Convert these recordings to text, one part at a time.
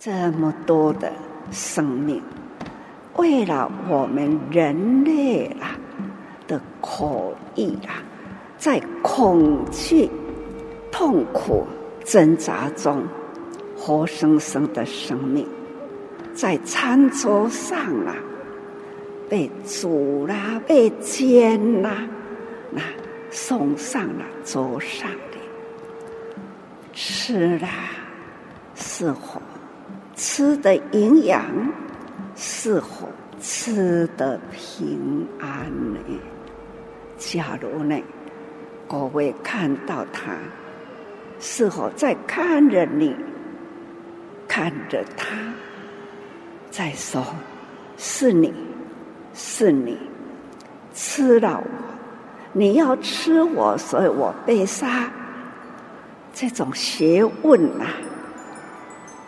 這麼多的生命，為了我們人類啦、啊、的口欲啊，在恐懼、痛苦、掙扎中，活生生的生命，在餐桌上啊，被煮啦、啊，被煎啦、啊，那送上了桌上的，吃啦、啊，是活。吃的營養，是否吃得平安呢？假如呢，我會看到他是否在看着你，看着他，在說“是你，是你吃了我，你要吃我，所以我被殺”，這種學問吶、啊。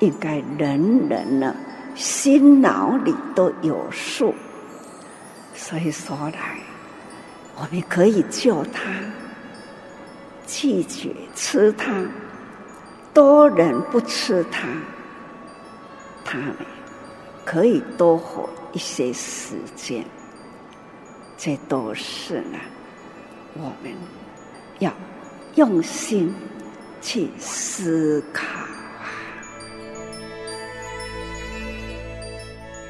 應該人人呢，心腦裡都有數。所以說來，我們可以救他，拒絕吃它多人不吃它他可以多活一些時間。這都是呢，我們要用心去思考。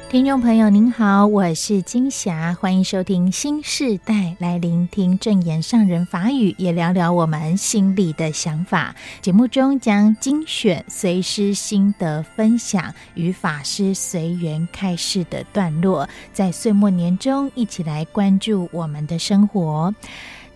聽眾朋友您好，我是金霞，歡迎收聽心示代，來聆聽證嚴上人法語，也聊聊我們心裡的想法。節目中將精選隨師心得分享與法師隨緣開示的段落，在歲末年終一起來關注我們的生活。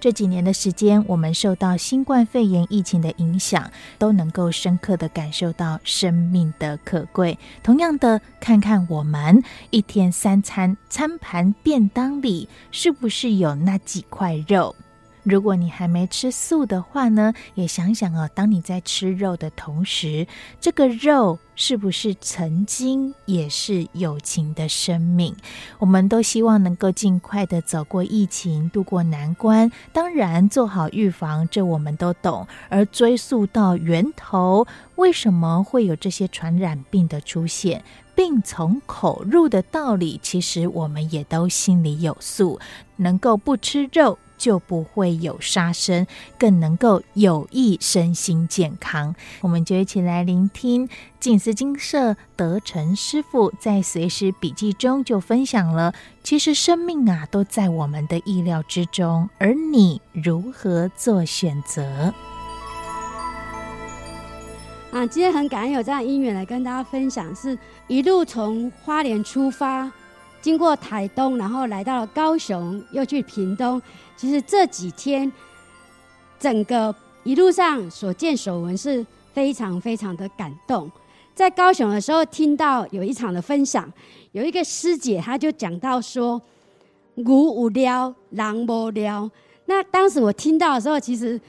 這幾年的時間，我們受到新冠肺炎疫情的影響，都能夠深刻的感受到生命的可貴。同樣的，看看我們，一天三餐，餐盤便當裡是不是有那幾塊肉？如果你還沒吃素的話呢，也想想哦，當你在吃肉的同時，這個肉是不是曾經也是有情的生命？我們都希望能夠盡快的走過疫情，渡過難關。當然，做好預防，這我們都懂。而追溯到源頭，為什麼會有這些傳染病的出現？“病從口入”的道理，其實我們也都心裡有數。能夠不吃肉。就不會有殺生，更能夠有益身心健康。我們就一起來聆聽靜思精舍德宸師父在隨師筆記中就分享了：其實生命啊，都在我們的意料之中，而你如何做選擇？啊，今天很感恩有這樣的因緣來跟大家分享，是一路從花蓮出發，經過台東，然後來到了高雄，又去屏東。其實這幾天，整個一路上所見所聞是非常非常的感動。在高雄的時候，聽到有一場的分享，有一個師姐，她就講到說“古無聊，狼無聊”。那當時我聽到的時候，其實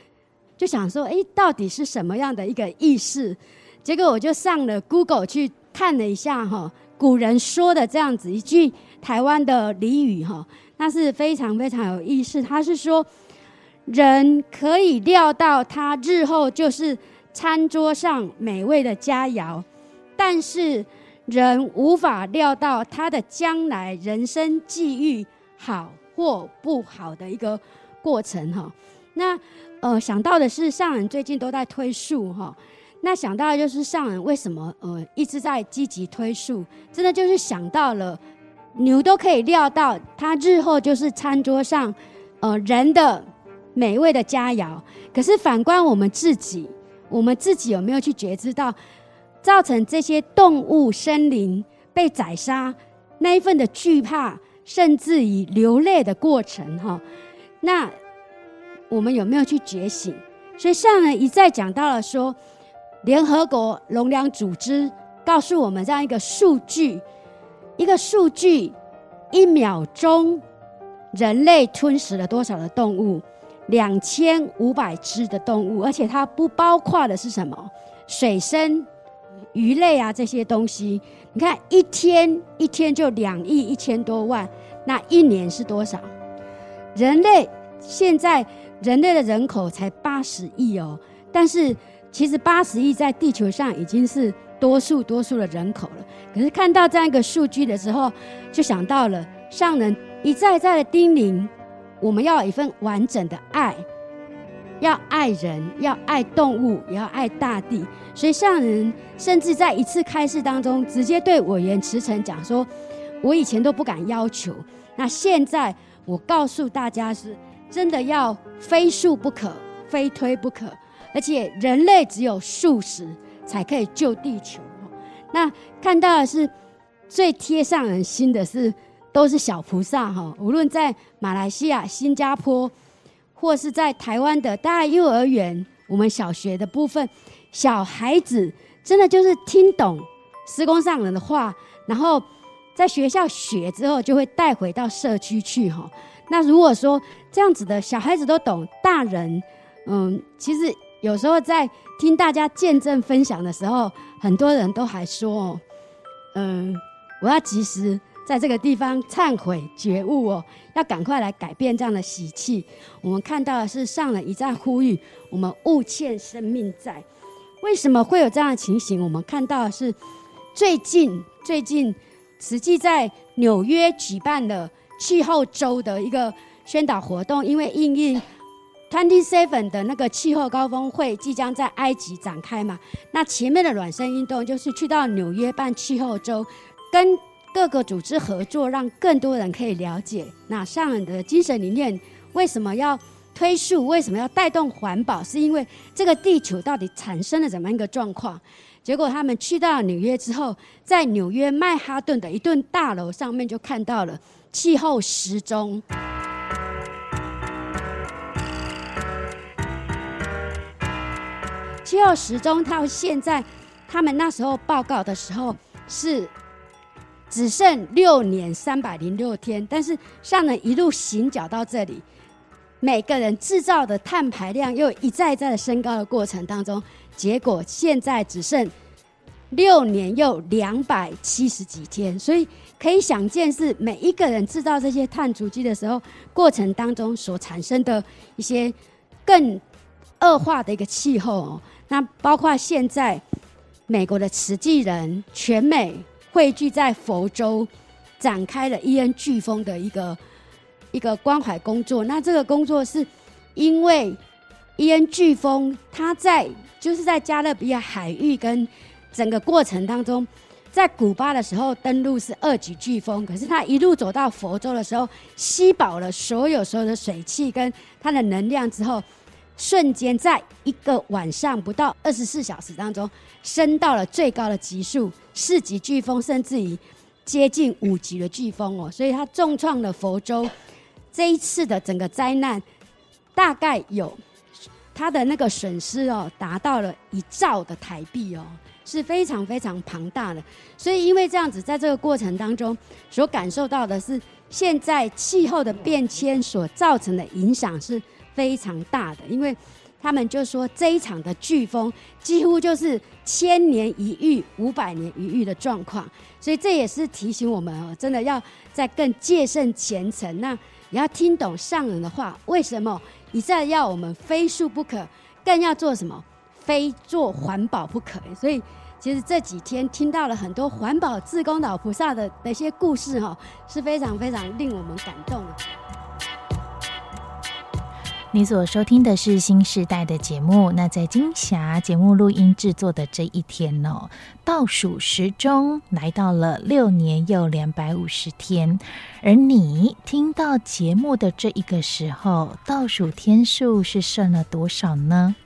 就想說：“哎，到底是什麼樣的一個意思？”結果我就上了 Google 去看了一下，哈，古人說的這樣子一句台灣的俚語，哈。那是非常非常有意思，他是說，人可以料到他日後就是餐桌上美味的佳肴，但是人無法料到他的將來人生際遇好或不好的一個過程哈、哦。那呃想到的是上人最近都在推素哈，那想到的就是上人為什麼呃一直在積極推素，真的就是想到了。牛都可以料到，它日後就是餐桌上，呃，人的美味的佳餚。可是反觀我們自己，我們自己有沒有去覺知到，造成這些動物、生靈被宰殺那一份的懼怕，甚至於流淚的過程？哈，那我們有沒有去覺醒？所以上人一再講到了說，聯合國農糧組織告訴我們這樣一個數據。一個數據，一秒鐘人類吞噬了多少的動物？兩千五百只的動物，而且它不包括的是什麼？水生魚類啊這些東西。你看一天一天就兩億一千多萬，那一年是多少？人類現在人類的人口才八十億哦，但是其實八十億在地球上已經是。多數多數的人口了，可是看到這樣一個數據的時候，就想到了上人一再一再的叮嚀，我們要有一份完整的愛，要愛人，要愛動物，也要愛大地。所以上人甚至在一次開示當中，直接對委員慈誠講說：“我以前都不敢要求，那現在我告訴大家，是真的要非素不可，非推不可，而且人類只有素食。”才可以救地球。那看到的是最貼上人心的是，都是小菩薩哈。無論在馬來西亞、新加坡，或是在台灣的大幼兒園，我們小學的部分，小孩子真的就是聽懂師公上人的話，然後在學校學之後，就會帶回到社區去哈。那如果說這樣子的小孩子都懂，大人，嗯，其實。有時候在聽大家見證分享的時候，很多人都還說：“嗯，我要及時在這個地方懺悔覺悟哦，要趕快來改變這樣的習氣。”我們看到的是上人一再呼籲我們勿欠生命債。為什麼會有這樣的情形？我們看到的是最近最近，實際在紐約舉辦的氣候周的一個宣導活動，因為應對。COP27 的那個氣候高峰會即將在埃及展開嘛，那前面的暖身運動就是去到紐約辦氣候周，跟各個組織合作，讓更多人可以了解。那上人的精神理念為什麼要推素？為什麼要帶動環保？是因為這個地球到底產生了怎麼樣一個狀況？結果他們去到紐約之後，在紐約曼哈頓的一棟大樓上面就看到了氣候時鐘。六時鐘到現在，他們那時候報告的時候是只剩六年三百零六天，但是上了一路行腳到這裡，每個人製造的碳排量又一再一再的升高的過程當中，結果現在只剩六年又兩百七十幾天，所以可以想見是每一個人製造這些碳足跡的時候過程當中所產生的一些更惡化的一個氣候。那包括現在，美國的慈濟人全美匯聚在佛州，展開了伊恩颶風的一個一個關懷工作。那這個工作是，因為伊恩颶風它在就是在加勒比海域，跟整個過程當中，在古巴的時候登陸是二級颶風，可是它一路走到佛州的時候，吸飽了所有所有的水汽跟它的能量之後。瞬間，在一個晚上不到二十四小時當中，升到了最高的級數，四級颶風，甚至於接近五級的颶風哦，所以它重創了佛州。這一次的整個災難，大概有它的那個損失哦，達到了一兆的台幣哦，是非常非常龐大的。所以，因為這樣子，在這個過程當中所感受到的是，現在氣候的變遷所造成的影響是，非常大的，因為他們就說，這一場的颶風幾乎就是千年一遇、五百年一遇的狀況，所以這也是提醒我們哦，真的要再更戒慎虔誠，那也要聽懂上人的話。為什麼一再要我們非素不可，更要做什麼？非做環保不可。所以其實這幾天聽到了很多環保志工老菩薩的那一些故事，哦，是非常非常令我們感動的。你所收聽的是心示代的節目。那在金霞節目錄音製作的這一天呢，倒數時鐘來到了六年又兩百五十天。而你聽到節目的這一個時候，倒數天數是剩了多少呢？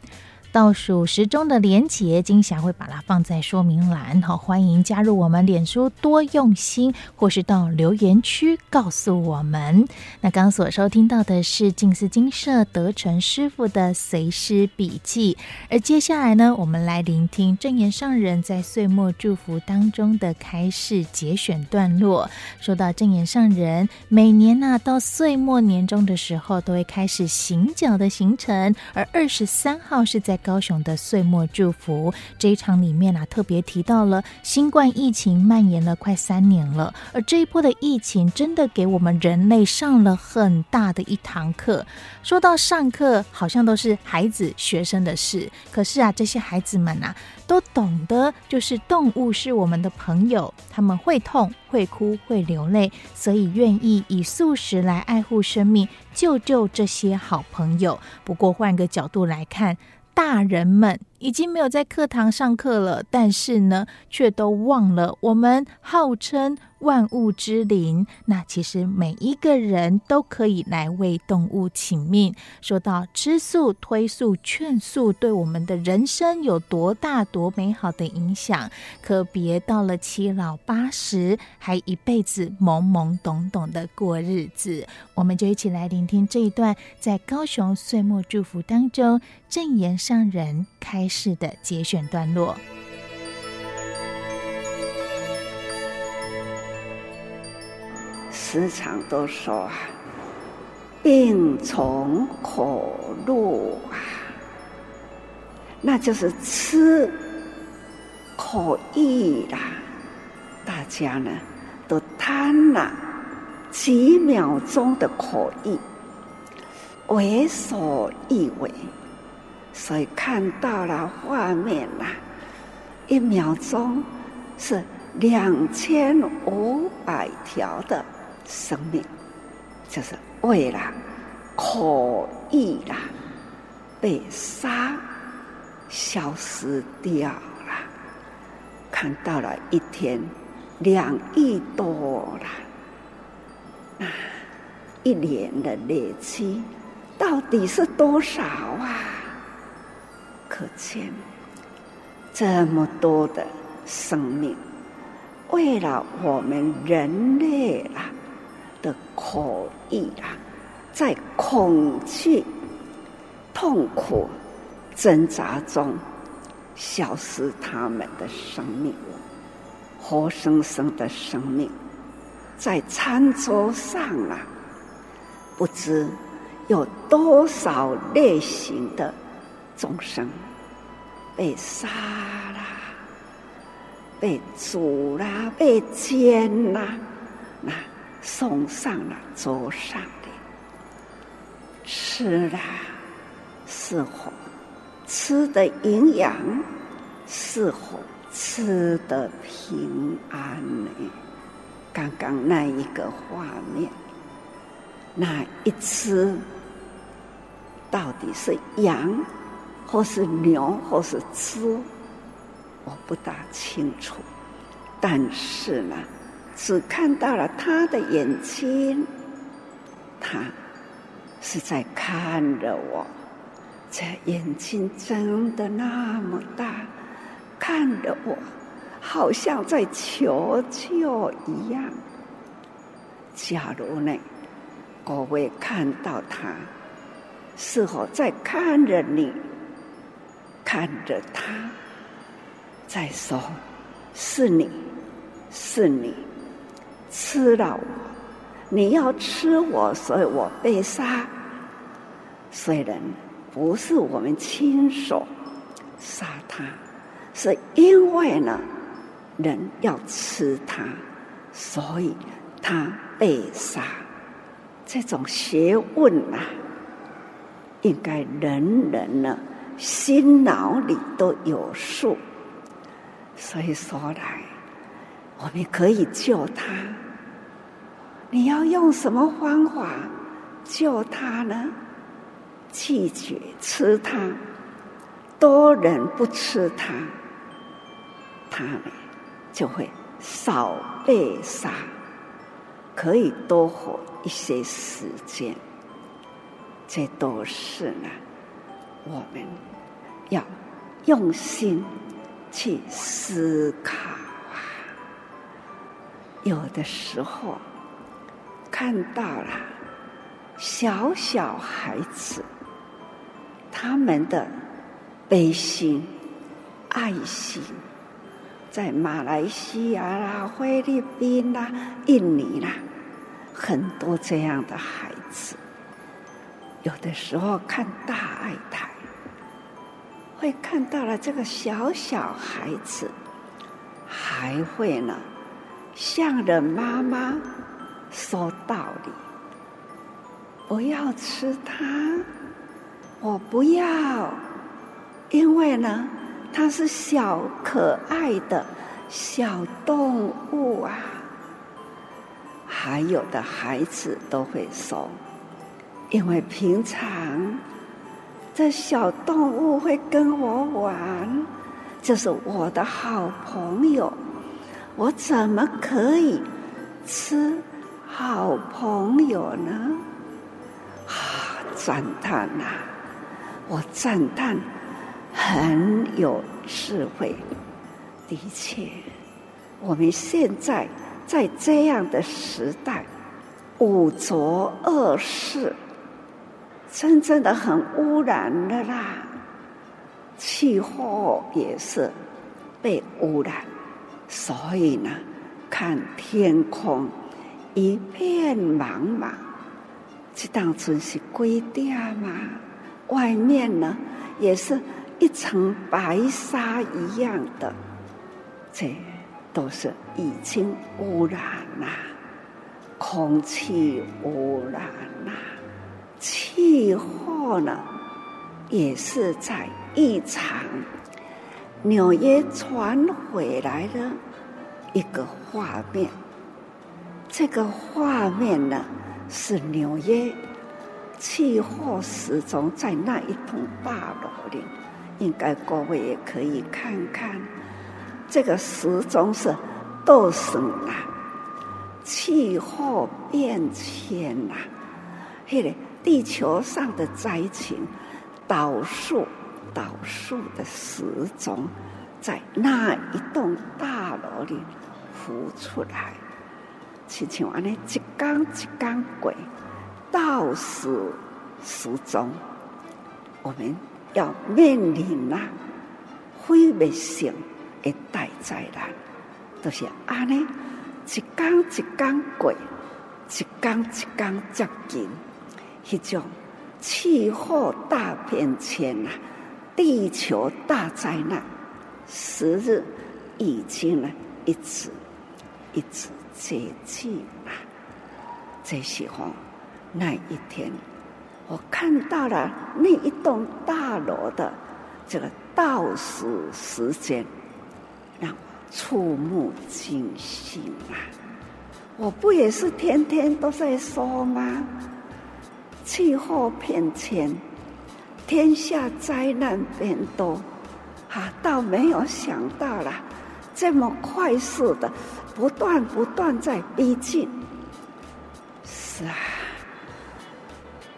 倒數時鐘的連結，金霞會把它放在說明欄。好，歡迎加入我們臉書多用心，或是到留言區告訴我們。那剛所收聽到的是靜思精舍德宸師父的隨師筆記，而接下來呢，我們來聆聽證嚴上人在歲末祝福當中的開示節選段落。說到證嚴上人，每年呢、啊、到歲末年終的時候，都會開始行腳的行程，而二十三號是在。高雄的歲末祝福這一場裡面啊，特別提到了新冠疫情蔓延了快三年了，而這一波的疫情真的給我們人類上了很大的一堂課。說到上課，好像都是孩子學生的事，可是啊，這些孩子們啊，都懂得就是動物是我們的朋友，他們會痛、會哭、會流淚，所以願意以素食來愛護生命，救救這些好朋友。不過換個角度來看。大人們，已經沒有在課堂上課了，但是呢，卻都忘了我們號稱萬物之靈。那其實每一個人都可以來為動物請命。說到吃素、推素、勸素，對我們的人生有多大、多美好的影響？可別到了七老八十，還一輩子懵懵懂懂的過日子。我們就一起來聆聽這一段在高雄歲末祝福當中，證嚴上人開。是的，節選段落。時常都說“病從口入”啊，那就是吃口意啦。大家呢，都貪了幾秒鐘的口意，為所欲為。所以看到了畫面啦，啊，一秒鐘是兩千五百條的生命，就是為了可以啦被殺，消失掉了。看到了一天兩億多啦，那一年的累積到底是多少啊？可見，這麼多的生命，為了我們人類啊的口欲啊，在恐懼、痛苦、掙扎中，消失他們的生命，活生生的生命，在餐桌上啊，不知有多少類型的。眾生被殺啦，被煮啦，被煎啦，那送上了桌上的吃啦，似乎吃的營養，似乎吃的平安呢。剛剛那一個畫面，那一隻到底是羊？或是牛或是豬，我不大清楚。但是呢，只看到了他的眼睛，他是在看着我，這眼睛睜得那麼大，看得我好像在求救一樣。假如呢，我會看到他是否在看着你。看着他，在說：“是你，是你吃了我。你要吃我，所以我被殺。雖然不是我們親手殺他，是因為呢，人要吃他，所以他被殺。這種學問啊，應該人人呢。”心腦裡都有數，所以說來，我們可以救他。你要用什麼方法救他呢？拒絕吃它，多人不吃它，他們就會少被殺，可以多活一些時間。這都是呢。我們要用心去思考啊，有的時候看到了小小孩子，他們的悲心、愛心，在馬來西亞啦、菲律賓啦、印尼啦，很多這樣的孩子。有的時候看大愛台。會看到了這個小小孩子，還會呢，向着媽媽說道理，不要吃它，我不要，因為呢，它是小可愛的小動物啊。還有的孩子都會說，因為平常。這小動物會跟我玩，這就是我的好朋友。我怎麼可以吃好朋友呢？啊，讚嘆吶，啊！我讚嘆，很有智慧。的確，我們現在在這樣的時代，五濁惡世。真正的很污染的啦，氣候也是被污染，所以呢，看天空一片茫茫，這當真是鬼地嘛，外面呢也是一層白沙一樣的，這都是已經污染了，空氣污染了。氣候呢，也是在異常紐約傳回來的一個畫面。這個畫面呢，是紐約氣候時鐘在那一棟大樓裡，應該各位也可以看看。這個時鐘是倒數啦，氣候變遷啦，嘿嘞。地球上的災情，倒數倒數的時鐘，在那一棟大樓裡浮出來，就像安尼一天一天過。倒數時鐘，我們要面臨那毀滅性的大災難，就是安尼一天一天過，一天一天，一天接近。一種氣候大變遷啊，地球大災難，時日已經一次一次接近啊。這時候，那一天，我看到了那一棟大樓的這個倒數時、時間，讓我觸目驚心啊！我不也是天天都在說嗎？氣候變遷，天下災難變多，啊，倒沒有想到啦，這麼快速的不斷不斷在逼近。是啊，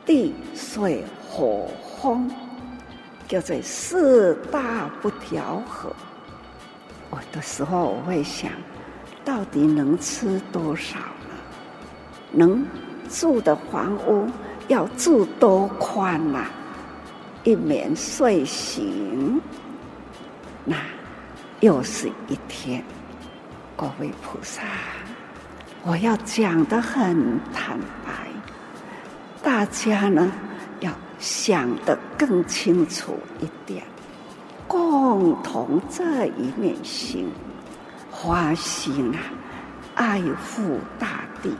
地水火風，就是四大不調和。我的時候我會想，到底能吃多少呢？能住的房屋？要住多寬吶，啊？一眠睡醒，那又是一天。各位菩薩，我要講得很坦白，大家呢要想得更清楚一點，共同這一面心，花心啊，愛護大地。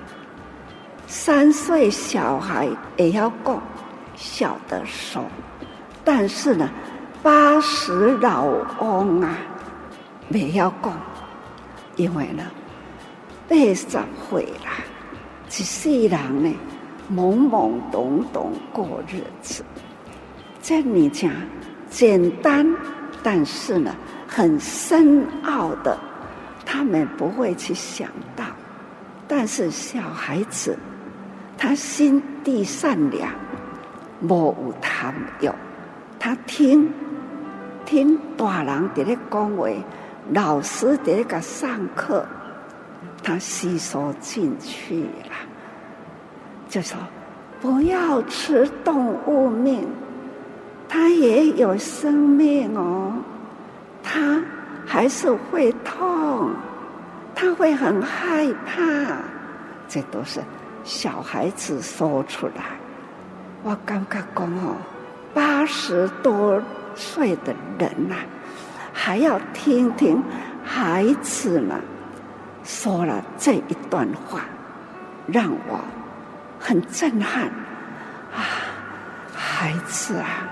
三歲小孩也要供，小的手，但是呢，八十老翁啊，也要供，因為呢，八十歲啦，一世人呢，懵懵懂懂過日子，在你講，簡單，但是呢，很深奧的，他們不會去想到，但是小孩子。他心地善良，沒有貪欲。他聽聽大人的那講，喂老師的那上課，他吸收進去了。就說不要吃動物命，他也有生命哦，他還是會痛，他會很害怕，這都是。小孩子說出來，我剛剛講哦，八十多歲的人吶、啊，還要聽聽孩子呢說了這一段話，讓我很震撼啊！孩子啊，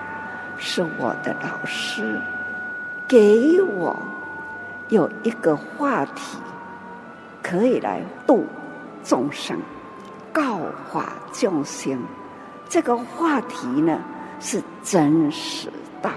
是我的老師，給我有一個話題可以來度眾生。告化救星，這個話題呢，是真實的。